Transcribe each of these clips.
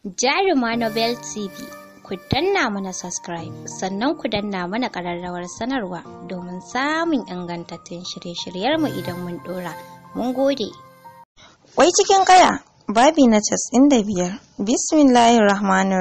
Jaruma Nobel TV ku danna mana subscribe sannan ku danna mana kararrawar sanarwa domin samun ingantattun shirye-shiryarmu idan mun ɗora. Mun gode. Wai cikin kaya babi na casin da biyar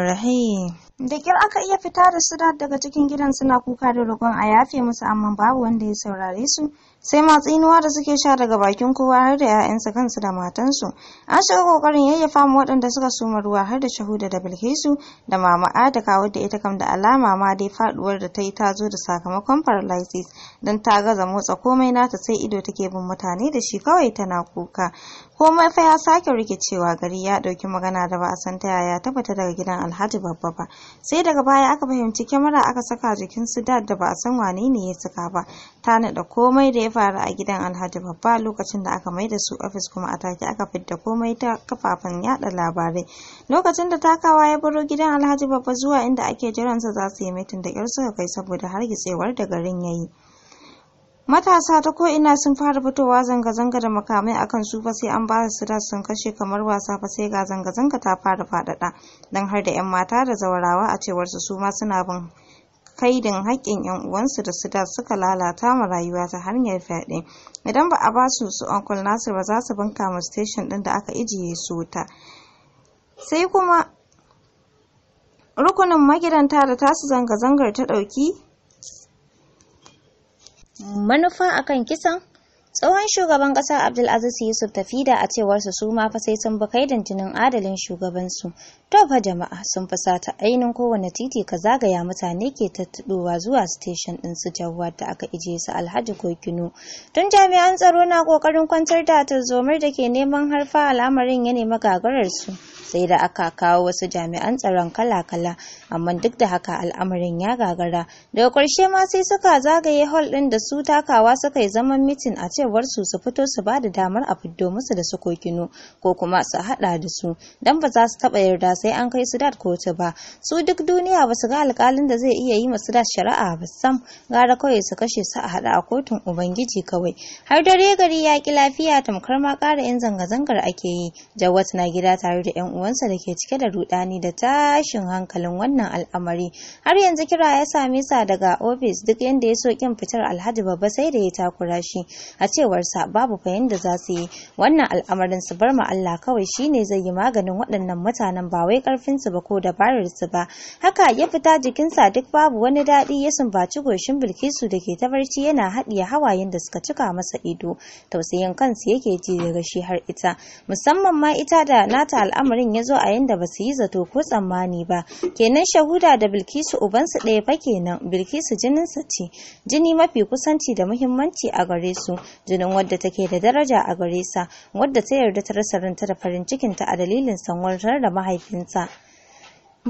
rahim Da kyar aka iya fita da su daga cikin gidan suna kuka da roƙon a yafe musu amma babu wanda ya saurare su. sai ma tsinuwa da suke sha daga bakin kowa har da 'ya'yansa kansu da matansu an shiga kokarin yayyafa mu waɗanda suka suma ruwa har da shahuda da bilkisu da mama da kawo da ita kam da alama ma dai faduwar da ta yi ta zo da sakamakon paralysis don ta gaza motsa komai nata sai ido take bin mutane da shi kawai tana kuka komai fa ya sake rikicewa gari ya dauki magana da ba a san ta yaya ta fita daga gidan alhaji babba ba sai daga baya aka fahimci kyamara aka saka jikin su da ba a san wane ne ya saka ba ta nada komai da ya faru a gidan alhaji babba lokacin da aka maida su ofis kuma a take aka fidda komai ta kafafen yada labarai lokacin da takawa ya baro gidan alhaji babba zuwa inda ake jiransa za su yi mitin da ƙyar suka kai saboda hargitsewar da garin yayi matasa ta ko ina sun fara fitowa zanga-zanga da makamai akan su ba sai an ba su da sun kashe kamar wasa ba sai ga zanga-zanga ta fara fadada don har da 'yan mata da zawarawa a cewar su ma suna bin kaidin haƙƙin 'yan uwansu da su da suka lalata ma rayuwa ta hanyar fyaɗe idan ba a ba su su uncle nasir ba za su banka ma station din da aka ijiye su ta sai kuma rukunin magidanta da tasu zanga-zangar ta ɗauki manufa akan kisan tsohon shugaban kasa abdulaziz yusuf tafida a cewarsa su ma fa sai sun bi kaidan jinin adalin shugabansu to fa jama'a sun fusata ainin kowane titi ka zagaya mutane ke tattaɗowa zuwa station ɗin su jawad da aka ije su alhaji kokino tun jami'an tsaro na ƙoƙarin kwantar da tarzomar da ke neman harfa al'amarin ya nemi gagararsu sai da aka kawo wasu jami'an tsaron kala-kala amma duk da haka al'amarin ya gagara daga ƙarshe ma sai suka zagaye hall ɗin da su takawa suka yi zaman mitin a cewar su su fito su ba da damar a fiddo musu da su ko kuma su haɗa da su dan ba za su taɓa yarda sai an kai su dat kotu ba su duk duniya ba su ga alƙalin da zai iya yi masu dat shari'a ba sam gara kawai su kashe su a haɗa a kotun ubangiji kawai har dare gari ya ki lafiya tamkar ma ƙara 'yan zanga-zangar ake yi jawat na gida tare da 'yan uwansa da ke cike da rudani da tashin hankalin wannan al'amari har yanzu kira ya same sa daga ofis duk yanda ya so kin fitar alhaji Baba sai da ya takura shi a cewar sa babu fayin da za su yi wannan al'amarin su bar ma Allah kawai shine zai yi maganin waɗannan mutanen ba wai ƙarfinsu ba ko dabarar su ba haka ya fita jikin sa duk babu wani daɗi ya sumbaci goshin bilkisu da ke tabarci yana haɗiye hawayen da suka cika masa ido tausayin kansu yake ji daga shi har ita musamman ma ita da nata al'amarin lamarin ya zo a yanda ba su yi zato ko tsammani ba kenan shahuda da bilkisu ubansu ɗaya fa kenan bilkisu jininsa ce jini mafi kusanci da muhimmanci a gare su jinin wadda take da daraja a gare sa wadda ta yarda ta rasa ranta da farin cikinta a dalilin sanwartar da mahaifinta.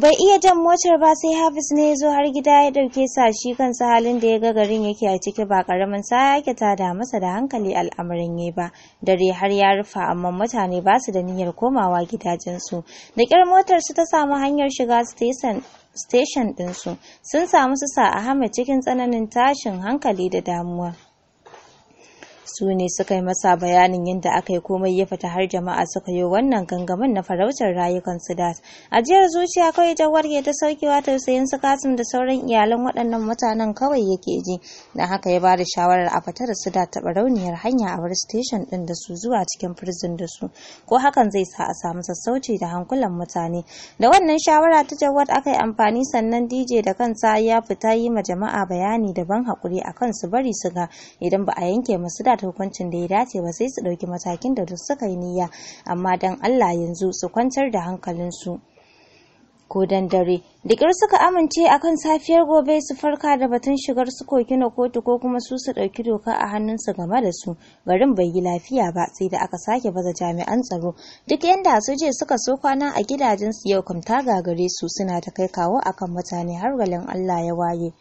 bai iya jan motar ba sai hafiz ne ya zo har gida ya dauke sa shi kansa halin da ya ga garin yake a ciki ba ƙaramin ta da masa da hankali al'amarin ya ba dare har ya rufa amma mutane ba su da niyyar komawa gidajensu da ƙyar motar su ta samu hanyar shiga station station ɗinsu sun samu su sa ahmed cikin tsananin tashin hankali da damuwa su ne suka yi masa bayanin yadda aka yi komai ya fita har jama'a suka yi wannan gangamin na farautar rayukan su da ajiyar zuciya kawai jawar ya ta saukewa tausayin su kasim da sauran iyalan waɗannan mutanen kawai yake ji na haka ya ba da shawarar a fita da su da taɓa rauniyar hanya a bar station ɗin da su zuwa cikin prison da su ko hakan zai sa a samu sassauci da hankulan mutane da wannan shawara ta jawar aka yi amfani sannan dj da kansa ya fita yi ma jama'a bayani daban haƙuri akan su bari su ga idan ba a yanke masu da mata hukuncin da ya dace ba sai su ɗauki matakin da duk suka yi niyya amma don Allah yanzu su kwantar da hankalinsu. ko dan dare dikir suka amince akan safiyar gobe su farka da batun shigar su koki na kotu ko kuma su su ɗauki doka a hannunsu game da su garin bai yi lafiya ba sai da aka sake baza jami'an tsaro duk yanda su je suka so kwana a gidajensu yau kamta gagare su suna ta kai kawo akan mutane har galin Allah ya waye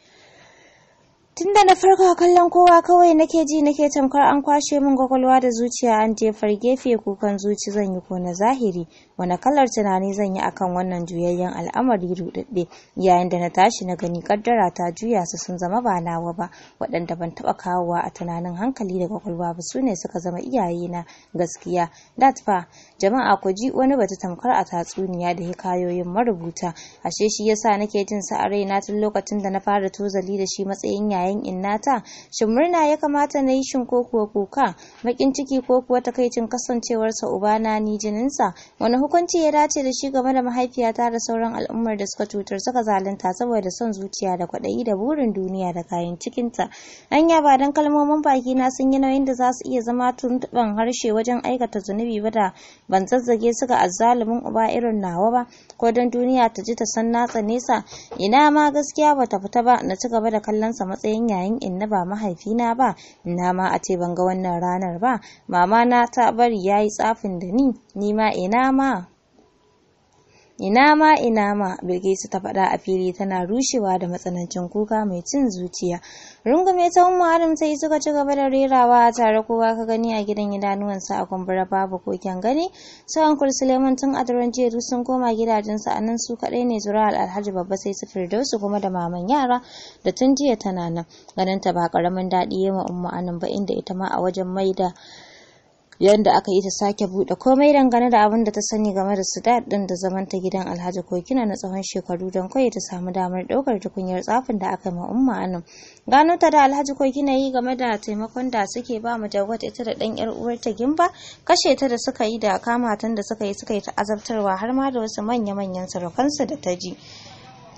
Tunda na farko a kallon kowa kawai nake ji nake tamkar an kwashe min kwakwalwa da zuciya an jefar gefe kukan zuci zan yi ko na zahiri wani kalar tunani zan yi akan wannan juyayyen al'amari rudadde yayin da na tashi na gani kaddara ta juya su sun zama ba nawa ba waɗanda ban taɓa kawowa a tunanin hankali da kwakwalwa ba su ne suka zama iyayena gaskiya dat jama'a ku ji wani batu tamkar a tatsuniya da hikayoyin marubuta ashe shi yasa nake jin sa a raina tun lokacin da na fara tozali da shi matsayin yayin innata shin murna ya kamata na yi shin ko kuwa kuka makin ciki ko kuwa takaicin kasancewarsa na ni jininsa wani hukunci ya dace da shi game da mahaifiyata da sauran al'ummar da suka cutar suka zalunta saboda son zuciya da kwaɗayi da burin duniya da kayan cikinta anya ba don kalmomin baki na sun yi nauyin da za su iya zama tuntuɓan harshe wajen aikata zunubi ba da ban zazzage su ga azzalumin uba irin nawa ba ko don duniya ta ji ta san natsa nesa ina ma gaskiya bata fita ba na ci gaba da kallon sa matsayin yayin inna ba mahaifina ba ina ma a ce ban ga wannan ranar ba mama na ta bari yayi tsafin da ni ni ma ina ma ina ma ina ma bilkisu ta faɗa a fili tana rushewa da matsanancin kuka mai cin zuciya rungume ta umma adam sai suka ci gaba da rerawa tare kowa ka gani a gidan idanuwansa a kumbura babu koken gani su ankul suleiman tun a daren jiya duk sun koma gidajensu a nan su kaɗai ne zura alhaji babba sai su firdausu kuma da maman yara da tun jiya tana nan ganin ta ba ƙaramin daɗi yi ma umma anan ba inda ita ma a wajen maida yadda aka yi ta sake buɗe komai dangane da abin da ta sani game da su daɗin da zaman ta gidan alhaji kokina na tsawon shekaru don kawai ta samu damar ɗaukar tukunyar tsafin da aka ma umma anan gano ta da alhaji kokina yi game da taimakon da suke ba mu mujawwat ita da ɗan yar uwar ta gimba kashe ta da suka yi da kamatan da suka yi suka yi ta azabtarwa har ma da wasu manya-manyan surukansu da ta ji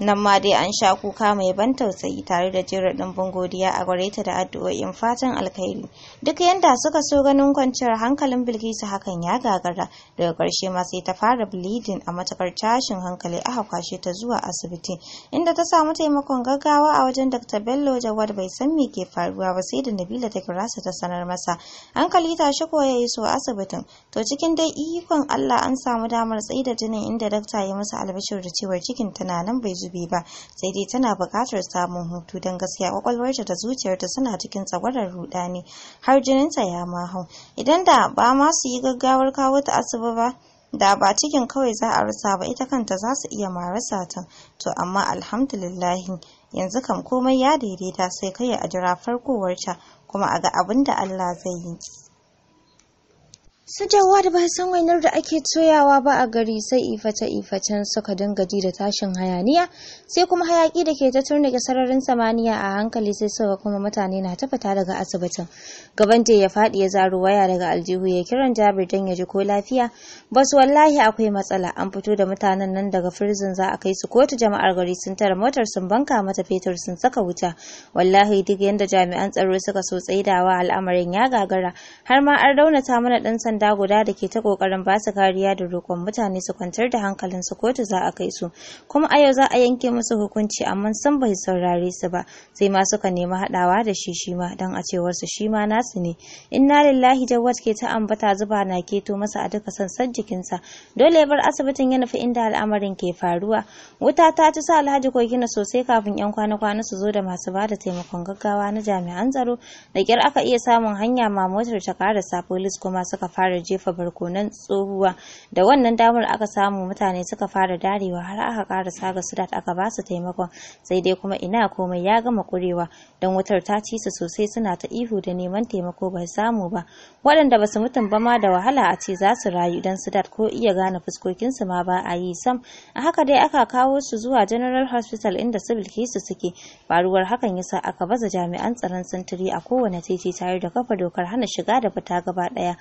nan ma dai an sha kuka mai ban tausayi tare da jin ɗimbin godiya a gare ta da addu'o'in fatan alkhairi duk yanda suka so ganin kwanciyar hankalin bilkisu hakan ya gagara daga ƙarshe ma sai ta fara bleeding a matakar tashin hankali aka kwashe ta zuwa asibiti inda ta samu taimakon gaggawa a wajen dr bello jawad bai san me ke faruwa ba sai da nabila ta kira sa ta sanar masa hankali ta shi ya yi so asibitin to cikin dai ikon allah an samu damar tsaida jinin inda dakta ya masa albishir da cewar cikin tana bai zuba zube ba sai dai tana buƙatar samun hutu don gaskiya kwakwalwarta da zuciyarta suna cikin tsagwarar rudani har jininta ya mahau idan da ba ma su yi gaggawar kawo ta asibi ba da ba cikin kawai za a rasa ba ita kanta za su iya marasa ta to amma alhamdulillahi yanzu kam komai ya daidaita sai kai a jira farkowarta kuma a ga abin da Allah zai yi su da ba san wainar da ake toyawa ba a gari sai ifata ifacen suka dinga ji da tashin hayaniya sai kuma hayaki da ke ta ga sararin samaniya a hankali sai suka kuma mutane na ta fita daga asibitin gaban ya faɗi ya zaro waya daga aljihu ya kiran jabir dan ya ji ko lafiya basu wallahi akwai matsala an fito da mutanen nan daga firzin za a kai su kotu jama'ar gari sun tara motar sun banka mata fetur sun saka wuta wallahi duk yanda jami'an tsaro suka so tsaidawa al'amarin ya gagara har ma an raunata mana dan sanda sanda guda da ke ta kokarin ba su kariya da roƙon mutane su kwantar da hankalin su kotu za a kai su kuma a yau za a yanke musu hukunci amma san bai saurare su ba sai ma suka nemi haɗawa da shi shi ma don a cewar su shi ma nasu ne inna lillahi jawad ke ta ambata zuba na keto masa a duka sansan jikinsa dole ya bar asibitin ya nufi inda al'amarin ke faruwa wuta ta ci sa alhaji kogina sosai kafin yan kwana-kwana su zo da masu ba da taimakon gaggawa na jami'an tsaro da kyar aka iya samun hanya ma motar ta karasa polis kuma suka fara fara jefa barkonan tsohuwa da wannan damar aka samu mutane suka fara darewa har aka kara saga sudat aka ba su taimakon sai dai kuma ina komai ya gama kurewa don wutar ta ci su sosai suna ta ihu da neman taimako bai samu ba waɗanda ba su mutum ba ma da wahala a ce za su rayu don sudat ko iya gane fuskokinsu ma ba a yi sam a haka dai aka kawo su zuwa general hospital inda su suke faruwar hakan yasa aka baza jami'an tsaron sintiri a kowane titi tare da kafa dokar hana shiga da fita gaba ɗaya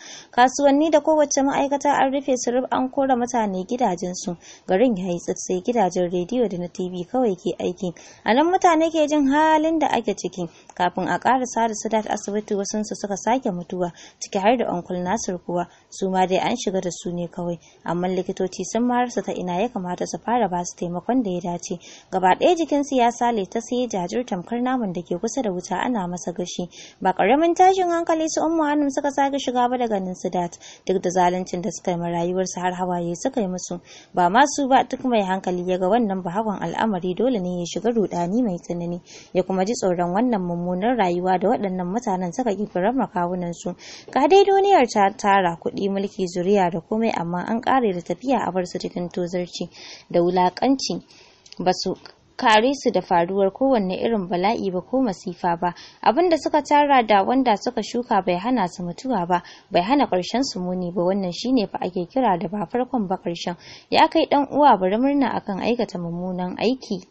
kasuwanni da kowace ma'aikata an rufe su an kora mutane gidajensu garin ya yi tsatsai gidajen rediyo da na tv kawai ke aiki a nan mutane ke jin halin da ake ciki kafin a su da sadat asibiti su suka sake mutuwa ciki har da onkul nasir kuwa su ma dai an shiga da su ne kawai amma likitoci sun ma rasa ta ina ya kamata su fara ba su taimakon da ya dace gaba ɗaya jikinsu ya sale ta sai jajir tamkar namun da ke kusa da wuta ana masa gashi ba ƙaramin tashin hankali su umma hannun suka sake shiga ba daga su da Sadat duk da zaluncin da suka yi rayuwarsa har hawaye suka yi musu ba masu ba duk mai hankali ya ga wannan bahawan al'amari dole ne ya shiga rudani mai tsanani ya kuma ji tsoron wannan mummunar rayuwa da waɗannan mutanen suka ki fara makawunan su ga dai duniyar ta tara kuɗi mulki zuriya da komai amma an ƙare da tafiya a bar su cikin tozarci da wulakanci ba su kare su da faruwar kowanne irin bala'i ba ko masifa ba abinda suka tara da wanda suka shuka bai hana su mutuwa ba bai hana ƙarshen su muni ba wannan shine fa ake kira da ba farkon ba ƙarshen ya kai dan uwa bari murna akan aikata mummunan aiki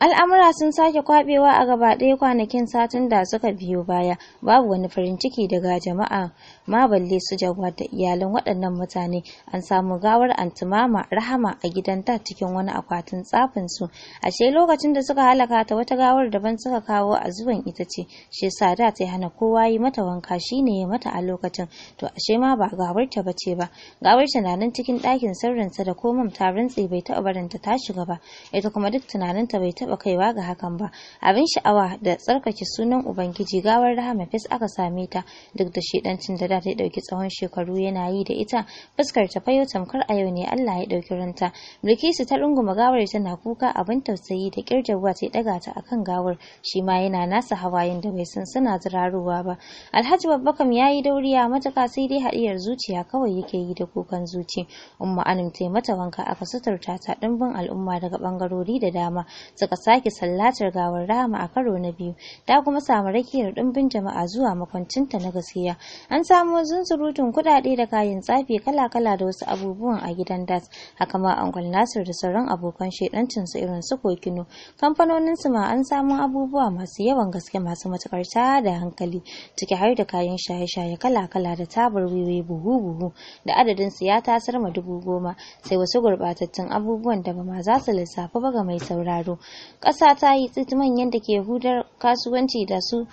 Al'amura sun sake kwabewa a gaba ɗaya kwanakin satin da suka biyo baya, babu wani farin ciki daga jama'a ma balle su jagwa da iyalan waɗannan mutane. An samu gawar antimama rahama a gidan ta cikin wani akwatin tsafin su. Ashe lokacin da suka halaka ta wata gawar daban suka kawo a zuwan ita ce, shi yasa da ta hana kowa yi mata wanka shine ya mata a lokacin. To ashe ma ba gawar ta bace ba. Gawar ta na nan cikin ɗakin sirrinsa da komam ta rantse bai taɓa barinta ta shiga ba. Ita kuma duk tunaninta bai taɓa taɓa kaiwa ga hakan ba abin sha'awa da tsarkake sunan ubangiji gawar rahama fes aka same ta duk da shedancin da da ta ɗauki tsawon shekaru yana yi da ita fuskar ta fayo tamkar a yau ne Allah ya ɗauki ranta bilkisu ta runguma gawar tana kuka abin tausayi da kirjawa ta ɗaga ta akan gawar shi ma yana nasa hawayen da bai san suna zirarowa ba alhaji babbakam ya yi dauriya matuka sai dai haɗiyar zuciya kawai yake yi da kukan zuci umma anum ta mata wanka aka suturta ta ɗimbin al'umma daga bangarori da dama suka sake sallatar gawar Rahama a karo na biyu, ta kuma samu rakiyar ɗumbin jama'a zuwa makwancinta na gaskiya. An samu surutun kuɗaɗe da kayan tsafi kala-kala da wasu abubuwan a gidan das, haka ma Angol Nasir da sauran abokan shaidancinsu irin su kokino. Kamfanoninsu ma an samu abubuwa masu yawan gaske masu matukar da hankali, ciki har da kayan shaye-shaye kala-kala da tabar wiwi buhu-buhu da adadin su ya tasar ma dubu goma, sai wasu gurbatattun abubuwan da ba ma za su lissafa ba ga mai sauraro. ƙasa ta yi tsit manyan da ke hudar kasuwanci da su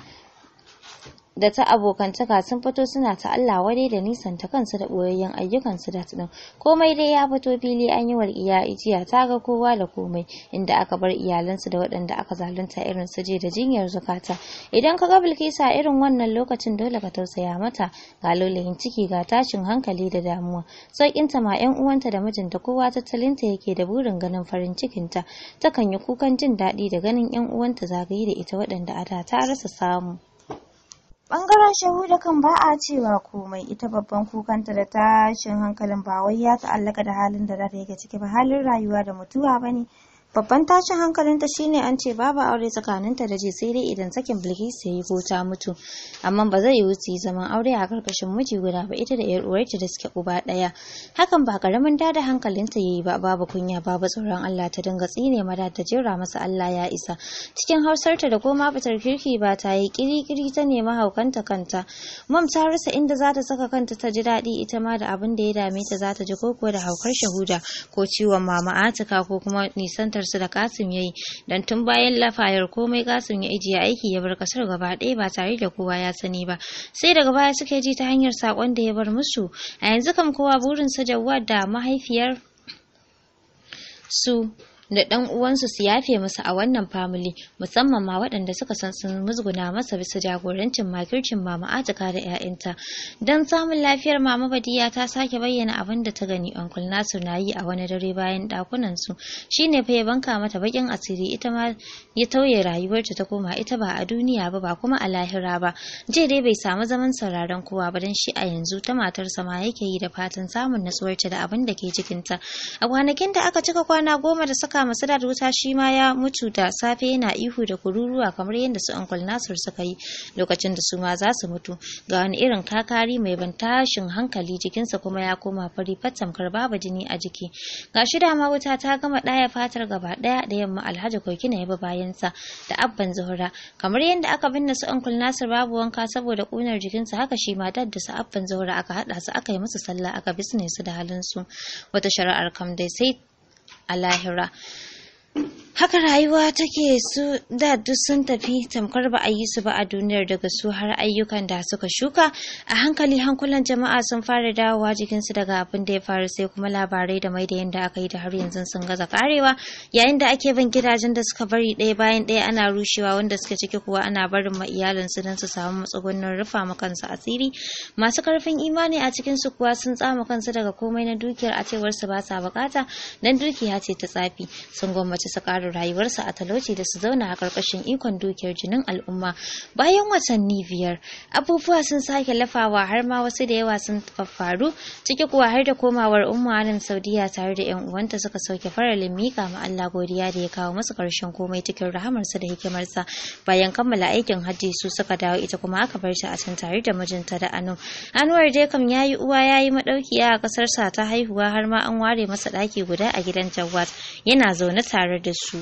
da ta abokantaka sun fito suna ta Allah wadai da ta kansu da ɓoyayyen ayyukansu da tudun komai dai ya fito fili an yi walƙiya ijiya ta ga kowa da komai inda aka bar iyalansu da waɗanda aka zalunta irin su je da jinyar zukata idan ka ga bilkisa irin wannan lokacin dole ka tausaya mata ga lolayin ciki ga tashin hankali da damuwa sauƙinta ma 'yan uwanta da mijinta kowa tattalinta yake da burin ganin farin cikinta takan yi kukan jin daɗi da ganin 'yan uwanta zagaye da ita waɗanda a da ta rasa samu Bangaren shahuda kan ba a cewa komai ita babban kukanta da tashin hankalin ba wai ya ta'allaka da halin da za ta ciki ba halin rayuwa da mutuwa ba ne Babban tashin hankalinta shine an ce babu aure tsakaninta da je sai dai idan sakin Bilkisu ya yi ko ta mutu. Amma ba zai yiwu su zaman aure a karkashin miji guda ba ita da ‘yar uwarta da suke uba ɗaya. Hakan ba karamin dada hankalinta ya yi ba babu kunya babu tsoron Allah ta dinga tsine mada ta jira masa Allah ya isa. Cikin hausarta da koma fitar kirki ba ta yi kirikiri ta nemi haukanta kanta. Mam ta rasa inda za ta saka kanta ta ji daɗi ita ma da abin da ya dame ta za ta ji koko da haukar shahuda ko ciwon mama atika ko kuma nisanta kusantar su da Kasim yayi dan tun bayan lafayar komai Kasim ya ijiye aiki ya bar kasar gaba ɗaya ba tare da kowa ya sani ba sai daga baya suka ji ta hanyar sakon da ya bar musu a yanzu kam kowa burin sa Jawad da mahaifiyar su da ɗan uwansu su yafe masa a wannan famili musamman ma waɗanda suka san sun musguna masa bisa jagorancin makircin mama atika da 'ya'yanta don samun lafiyar mama badiya ta sake bayyana abin da ta gani onkul nasir na yi a wani dare bayan ɗakunan su shine fa ya banka mata bakin asiri ita ma ya tauye rayuwarta ta koma ita ba a duniya ba ba kuma a lahira ba je dai bai samu zaman sauraron kowa ba don shi a yanzu ta matarsa ma yake yi da fatan samun natsuwarta da abin da ke cikinta a kwanakin da aka cika kwana goma da saka haka ma wuta shi ma ya mutu da safe yana ihu da kururuwa kamar yadda su Uncle Nasir suka yi lokacin da su ma za su mutu ga wani irin kakari mai ban tashin hankali jikinsa kuma ya koma fari kar babu jini a jiki ga shi dama wuta ta gama ɗaya fatar gaba ɗaya da yamma Alhaji Kokina ya bi bayansa da abban Zuhura kamar yadda aka binne su Uncle Nasir babu wanka saboda kunar jikinsa haka shi ma dad da su abban Zuhura aka haɗa su aka yi musu sallah aka bisne su da halin su wata shari'ar kam dai sai a lahira haka rayuwa take su da duk sun tafi tamkar ba a yi su ba a duniyar daga su har ayyukan da suka shuka a hankali hankulan jama'a sun fara dawowa jikinsu daga abin da ya faru sai kuma labarai da mai da yadda aka yi da har yanzu sun gaza karewa yayin da ake bin gidajen da suka bari ɗaya bayan ɗaya ana rushewa wanda suke ciki kuwa ana barin ma iyalinsu don su samu matsugunnin rufa ma kansu asiri masu karfin imani a cikin su kuwa sun tsama kansu daga komai na dukiyar a cewar su ba sa bukata dan dukiya ce ta tsafi sun gwammaci su su ƙara rayuwarsa a talauci da su zauna a ƙarƙashin ikon dukiyar jinin al'umma bayan watanni biyar abubuwa sun sake lafawa har ma wasu da yawa sun faffaru ciki kuwa har da komawar umma alin saudiya tare da yan uwanta suka sauke faralin limika ma Allah godiya da ya kawo musu ƙarshen komai cikin rahamarsa da hikimarsa bayan kammala aikin hajji su suka dawo ita kuma aka bar shi a can tare da mijinta da anu anuwar dai kam yayi uwa yayi madaukiya a ƙasarsa ta haihuwa har ma an ware masa ɗaki guda a gidan jawad yana zaune tare 就书。